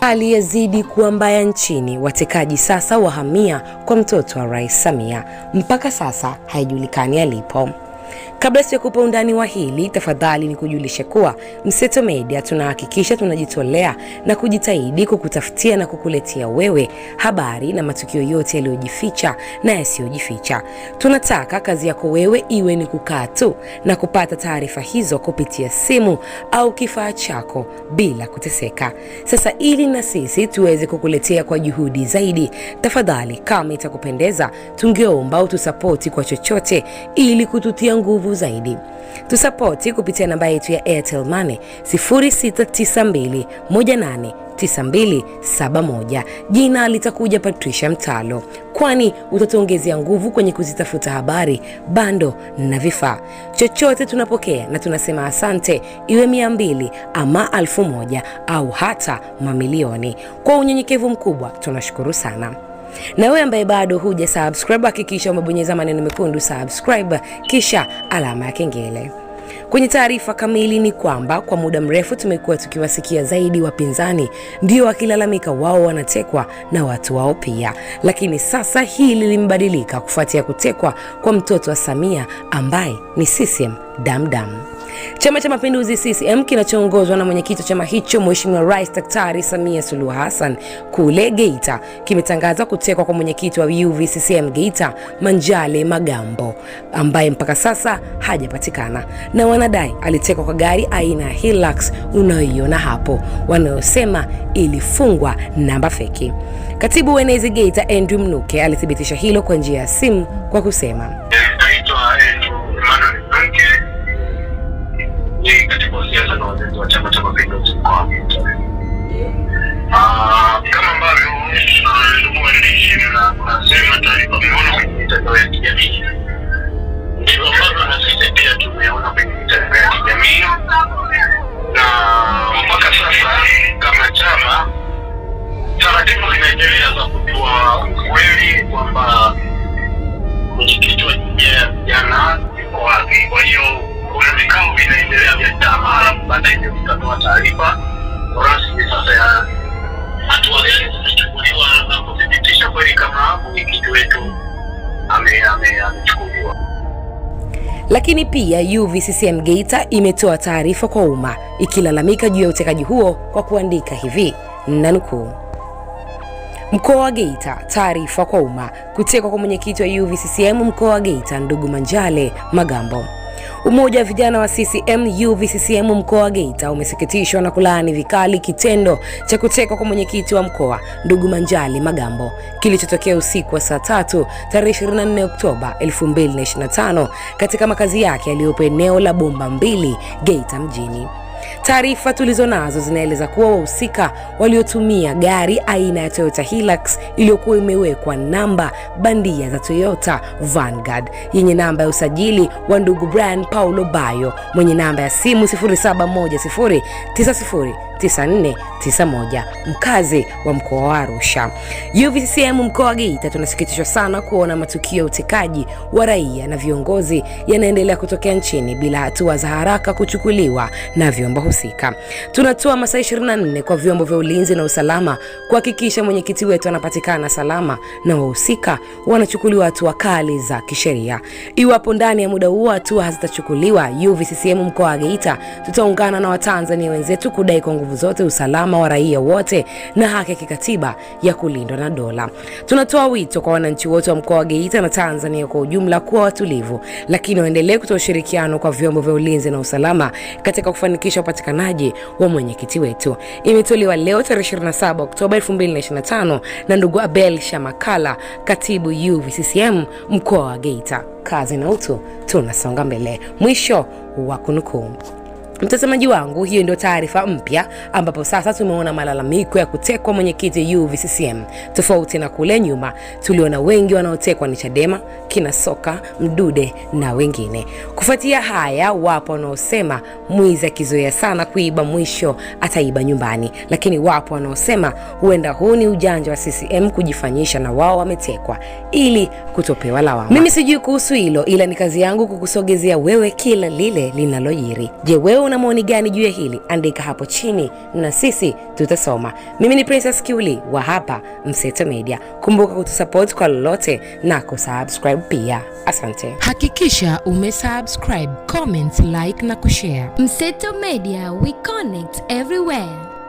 Hali yazidi kuwa mbaya nchini, watekaji sasa wahamia kwa mtoto wa Rais Samia. Mpaka sasa haijulikani alipo. Kabla sijakupa undani wa hili, tafadhali ni kujulishe kuwa Mseto Media tunahakikisha tunajitolea na kujitahidi kukutafutia na kukuletea wewe habari na matukio yote yaliyojificha na yasiyojificha. Tunataka kazi yako wewe iwe ni kukaa tu na kupata taarifa hizo kupitia simu au kifaa chako bila kuteseka. Sasa ili na sisi tuweze kukuletea kwa juhudi zaidi, tafadhali kama itakupendeza, tungeomba utusapoti kwa chochote ili kututia nguvu zaidi. Tusapoti kupitia namba yetu ya Airtel Money 0692189271. Jina litakuja Patricia Mtalo, kwani utatuongezea nguvu kwenye kuzitafuta habari, bando na vifaa. Chochote tunapokea na tunasema asante, iwe mia mbili ama alfu moja au hata mamilioni. Kwa unyenyekevu mkubwa tunashukuru sana. Na wewe ambaye bado huja subscribe, hakikisha umebonyeza maneno mekundu subscribe, kisha alama ya kengele. Kwenye taarifa kamili ni kwamba kwa muda mrefu tumekuwa tukiwasikia zaidi wapinzani ndio wakilalamika wao wanatekwa na watu wao pia, lakini sasa hili lilimbadilika kufuatia kutekwa kwa mtoto wa Samia ambaye ni CCM damdam. Chama cha Mapinduzi CCM kinachoongozwa na mwenyekiti wa chama hicho Mheshimiwa Rais Daktari Samia Suluhu Hassan kule Geita kimetangaza kutekwa kwa mwenyekiti wa UVCCM Geita Manjale Magambo ambaye mpaka sasa hajapatikana na wanadai alitekwa kwa gari aina ya Hilux unayoiona hapo, wanayosema ilifungwa namba feki. Katibu uenezi Geita Andrew Mnuke alithibitisha hilo kwa njia ya simu kwa kusema na mpaka sasa kama chama taratibu zinaendelea za kujua ukweli kwamba mwenyekiti wa jumuiya ya vijana yuko wapi. Kwa hiyo kuna vikao vinaendelea vya chama, halafu baadaye ndio taarifa rasmi sasa ya hatua gani zimechukuliwa na kuthibitisha kweli kama mwenyekiti wetu Lakini pia UVCCM Geita imetoa taarifa kwa umma ikilalamika juu ya utekaji huo kwa kuandika hivi nanukuu Mkoa wa Geita, taarifa kwa umma. Kutekwa kwa mwenyekiti wa UVCCM mkoa wa Geita, ndugu Manjale Magambo. Umoja wa vijana wa CCM UVCCM mkoa wa Geita umesikitishwa na kulaani vikali kitendo cha kutekwa kwa mwenyekiti wa mkoa ndugu Manjali Magambo kilichotokea usiku wa saa tatu tarehe 24 Oktoba 2025 katika makazi yake yaliyopo eneo la Bomba Mbili, Geita mjini. Taarifa tulizo nazo zinaeleza kuwa wahusika waliotumia gari aina ya Toyota Hilux iliyokuwa imewekwa namba bandia za Toyota Vanguard yenye namba ya usajili wa ndugu Brian Paulo Bayo mwenye namba ya simu 7190 9491 mkazi wa mkoa wa Arusha. uvcm mkoa wa Geita tunasikitishwa sana kuona matukio ya utekaji wa raia na viongozi yanaendelea kutokea nchini bila hatua za haraka kuchukuliwa na vyombo husika. Tunatoa masaa 24 kwa vyombo vya ulinzi na usalama kuhakikisha mwenyekiti wetu anapatikana salama na wahusika wanachukuliwa hatua kali za kisheria. Iwapo ndani ya muda huo hatua hazitachukuliwa, UVCCM mkoa wa Geita tutaungana na Watanzania wenzetu kudai kwa nguvu nguvu zote usalama wa raia wote na haki ya kikatiba ya kulindwa na dola. Tunatoa wito kwa wananchi wote wa mkoa wa Geita na Tanzania kwa ujumla kuwa watulivu, lakini waendelee kutoa ushirikiano kwa vyombo vya ulinzi na usalama katika kufanikisha upatikanaji wa mwenyekiti wetu. Imetolewa leo tarehe 27 Oktoba 2025 na ndugu Abel Shamakala, katibu UVCCM mkoa wa Geita. Kazi na utu tunasonga mbele. Mwisho wa kunukuu. Mtazamaji wangu, hiyo ndio taarifa mpya ambapo sasa tumeona malalamiko ya kutekwa mwenyekiti UVCCM. Tofauti na kule nyuma, tuliona wengi wanaotekwa ni Chadema, kina Soka, Mdude na wengine. Kufuatia haya, wapo wanaosema mwizi akizoea sana kuiba mwisho ataiba nyumbani, lakini wapo wanaosema huenda huu ni ujanja wa CCM kujifanyisha na wao wametekwa ili kutopewa lawama. Mimi sijui kuhusu hilo, ila ni kazi yangu kukusogezea wewe kila lile linalojiri. Je, wewe una maoni gani juu ya hili? Andika hapo chini na sisi tutasoma. Mimi ni Princess Kiuli wa hapa Mseto Media. Kumbuka kutusupport kwa lolote na kusubscribe pia, asante. Hakikisha umesubscribe, comment, like na kushare. Mseto Media, we connect everywhere.